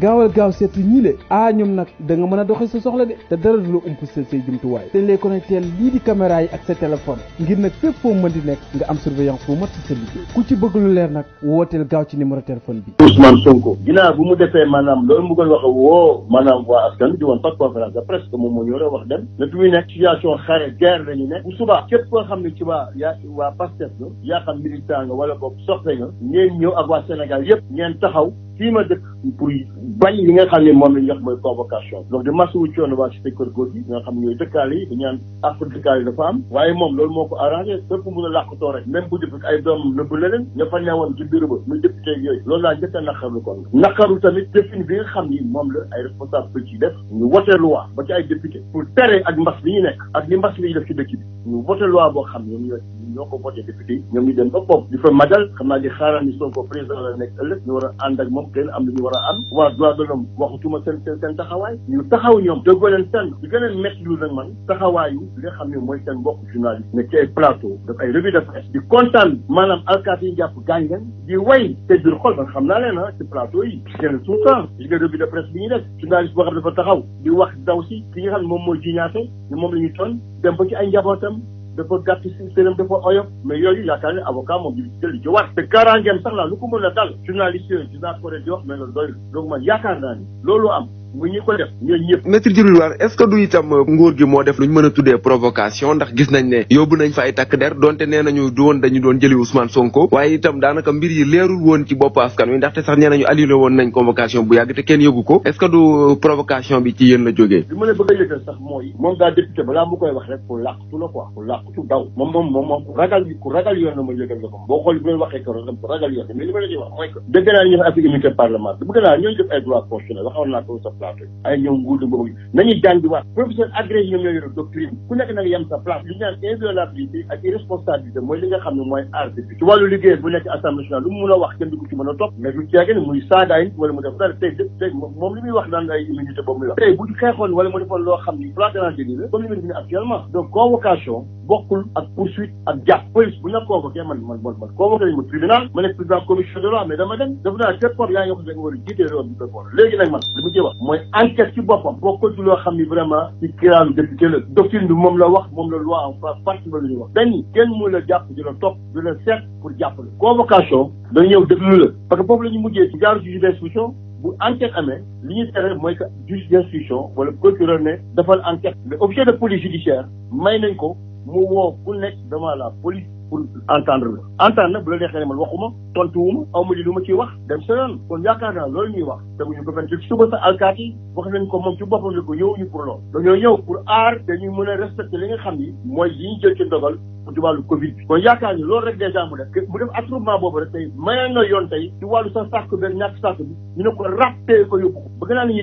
gaawal gaaw seet si ñii le ah, ñoom nag danga mën a doxee sa soxla de te dara du la umpaseel say jumtuwaay dañ lay connecté lii di caméra yi ak sa téléphone ngir nag fépp foo mën di nekk nga am surveillance bu mat si sa liggéey ku ci bëgg lu leer nag wooteel gaaw ci numéro téléphone bi Ousmane Sonko ginnaaw bu mu defee maanaam loolu mu bëggoon wax woo maanaam waa askan bi di woon pas conférence de presse moom moo ñëw wax dem ne fi muy nekk situation xare guerre la ñu nekk bu subaa képp koo xam ne ci waa yaa waa Pastef yaa xam militant nga wala boog soppe nga ngeen ñëw ak waa Sénégal yëpp ngeen taxaw fii ma dëkk pour bañ li nga xam ne moom la ñu mooy convocation donc de masse wu coono waa cité kër góor gi nga xam ne ñooy dëkkaale yi dañu naan àq dëkkaale dafa am waaye moom loolu moo ko arrangé fépp mun a làqutoo rek même bu def ay doomam nëbb leneen ña fa newoon ci biir ba muy député yooyu loolu laa njëkk a naqarlu kon naqaru tamit défini bi nga xam ni moom la ay responsable ci def ñu wote loi ba ci ay député pour tere ak mbas li ñu nekk ak li mbas li def ci dëkk bi ñu voté loi boo xam ñoom ñoo ñoo ko voté député ñoom ñu dem ba bopp di fa majal xam naa di xaaral ni Sonko président la nekk ëllëg ñu war a ànd ak moom kenn am lu ñu war a am waa droit de l'homme waxutuma seen seen seen taxawaay ñu taxaw ñoom déggoo leen seen di gën a métti lu nag man taxawaayu li nga xam ne mooy sen mbokk journaliste nekk ci ay plateau daf ay de presse di kontaan maanaam alkaati yi jàpp gaañ leen di way te biir man xam naa leen ah ci plateau yi seen tout temps bi ñu def journaliste boo xam dafa taxaw di wax daw si ki nga xam ne moom mooy jiñaate ne moom la ñuy tooñ dem ba ci ay njabootam dafa gàtt si sëram dafa oyof mais yooyu yaakaar ne avocat moom jël jël li ci war te kaaraangeem sax la lu ko mën a dal journaliste yooyu dinaa ko di wax mais loolu doyul donc yaakaar naa ni loolu am mu ñu ko def ñooñu ñëpp. maître Djibril War est-ce itam euh, nguur gi moo def lu ñu mën a tuddee provocation ndax gis nañ ne yóbbu nañ fa ay takk der donte nee nañu du woon dañu doon jëli Ousmane Sonko waaye itam daanaka mbir yi leerul woon ci bopp askan wi ndaxte sax nee nañu annulé woon nañ convocation bu yàgg te kenn yóbbu ko est euh, provocation bi ci yéen la jógee. li ma la bëgg a sax mooy moom daa député balaa mu koy wax rek ku làqtu la la ko boo ku ragal yoon plateau ay ñoom nguur boobu nañu jàngiwaat professeur agrégé ñoom ñoo yore doctrine ku nekk nag yem sa place li ñu naan inviolabilité ak irresponsabilité mooy li nga xam ne mooy aar bi ci wàllu liggéey bu nekk assemblée nationale lu mu a wax kenn du ko ci mën a topp mais du ceege muy saagaay wala mu def dara tey dëpp tey moom li muy wax naan ay immunité boobu muy wax tey bu xeexoon wala mu defoon loo xam ni flagrant délit la comme li nga def actuellement donc convocation bokkul ak poursuite ak jàpp police bu ñu la convoqué man man man man convoqué nañu ma tribunal ma nekk président commission de loi mais dama dem dafa naa seet port yaa ngi wax ne nga war a jiite réew mi koy boole léegi nag loo xam ni vraiment bi moom la wax moom la loi en fa partie ba la ñuy wax benn kenn mu la jàpp di la topp di la seet pour jàpp la convocation la parce mujjee ci jaaru juge tere mooy que juge wala procureur ne dafal enquête mais objet may nañ ko mu woo ku nekk devant la police pour entendre la entendre na bu la neexee ne man waxuma tontuwuma aw ma ji lu ma ciy wax dem sa yoon kon yaakaar naa loolu ñuy wax teguñu ko fenn suba sa alkaat yi wax nañ ko moom ci boppam ne ko ñëwuñu pour loolu dañoo ñëw pour aar dañuy mën a respecter li nga xam ni mooy li ñu jël ci ndogal ci wàllu Covid bi kon yaakaar ni loolu rek dèjà mu def mu def attroupement boobu rek tey maye na yoon tey ci wàllu sa sàkk benn ñàkk sàkk bi ñu ne ko rappee ko yóbbu ko bëgg naa ni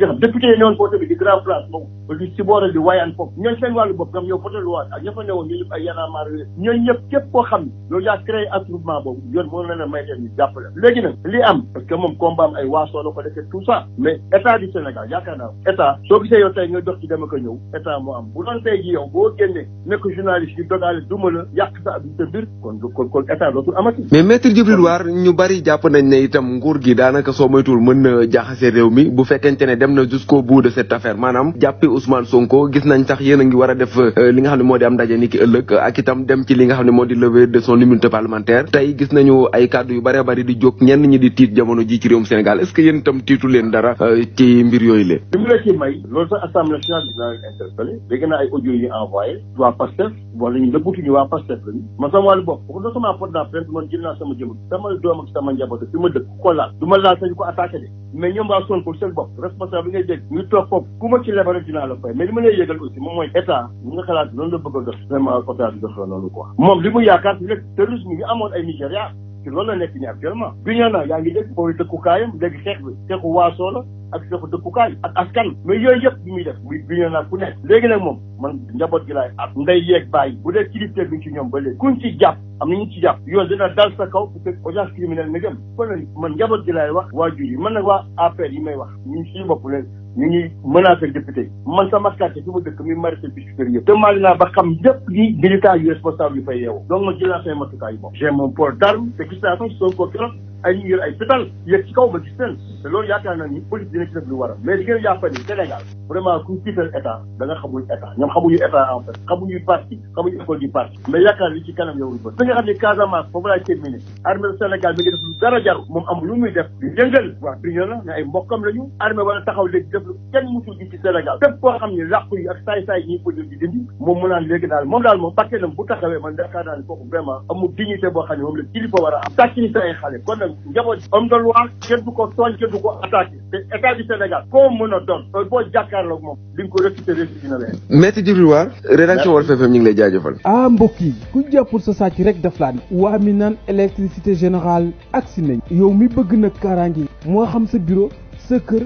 ñuy ñëpp ay yanaamaar yooyu ñooñu ñëpp képp koo xam ne loolu yaa créé attroupement boobu yoon mën na nag li am parce que moom combat am ay waasoo la ko defee tout ça mais état du Sénégal yaakaar naa état soo gisee yow tey nga dox ci dama ko ñëw état moo am bu doon tey ji yow boo génnee nekk journaliste yi dogaale duma la yàq sa mbir kon kon kon état dootul amati. mais maître Djibril War ñu bari jàpp nañ ne itam nguur gi daanaka soo moytuwul mën na jaaxase réew mi bu fekkente ne dem na jusqu'au bout de cette affaire maanaam jàppee Ousmane Sonko gis nañ sax yéen a ngi war a def euh, li xam ne moo di am ndaje ni ki ëllëg ak itam dem ci li nga xam ne moo di levée de son immunité parlementaire tey gis nañu ay kàddu yu bari bari di jóg ñenn ñi di tiit jamono ji ci réewum Sénégal est-ce que yéen itam tiitu leen dara euh, ci mbir yooyu la. li mu la ci may loolu sax assemblée Pastef lañu man sama wàllu bopp waxu na sama porte de la presse man jël naa sama jëm sama doom ak sama njaboot fi ma dëkk ko laal du ma laal sañu ko attaqué de mais ñoom waa Sonko seen bopp responsable bi ngay dégg ñu toog foofu ku ma ci lebal dinaa la fay mais li ma lay yëgal aussi moom mooy état mu nga xalaat loolu la bëgg a def vraiment état bi def la noonu quoi moom li mu yaakaar si rek terrorisme yi amoon ay Nigéria ci loolu la nekk ni actuellement bi ñoo na yaa ngi dégg foofu dëkkukaayam léegi xeex bi xeexu waasoo la ak seexu dëkkukaay ak askan mais yooyu yëpp bi muy def muy biño naa ku nekk léegi nag moom man njaboot gi laay at nday yeeg bàyyi bu dee kilifteef bi ci ñoom ba léegi ci jàpp am nañu ci jàpp yoon dina dal sa kaw parce que audience criminelle nga kon nag man njaboot gi laay wax waa jur yi man nag waa APR yi may wax ñun suñu bopp leen ñu ngi menacé député man sama quartier fi ma dëkk mi marché bi supérieur demandé naa ba xam ñëpp yi militaires yu responsable yu fay yeewu donc ma jëlaa say matukaay yi moom j'ai mon port ko keroog ay ñu yor ay pétal yëg ci kaw ba gis te loolu yaakaar na ni police dina ci def lu war a mais li ngeen jàpp ni Sénégal vraiment ku tiital état da nga xamul état ñoom xamuñu état en fait xamuñu xamuñu ci kanam yow lu bët xam ne Casamance foofu laay terminé armée du Sénégal mi ngi lu dara jaru moom am lu muy def di yëngal waa duñu la ne ay mbokkam lañu armée wala taxaw léegi def lu kenn musul gis ci Sénégal képp koo xam ne làqu yi ak saay-saay yi ñuy di dindi moom mu naan léegi daal moom daal moo parti nam bu taxawee man yaakaar naa ne kooku a am tàcc ni sa ay xale du koo mën a doon heure boo jàkkaarloog di nga ko réfuté réfuté na leen. War rédaction Walf ñu ngi lay jaajëfal. ah mbokk yi ku jàppul sa sàcc rek daf laa ne. waa mi naan général générale si nañ. yow mi bëgg nag kaaraange moo xam sa bureau sa kër.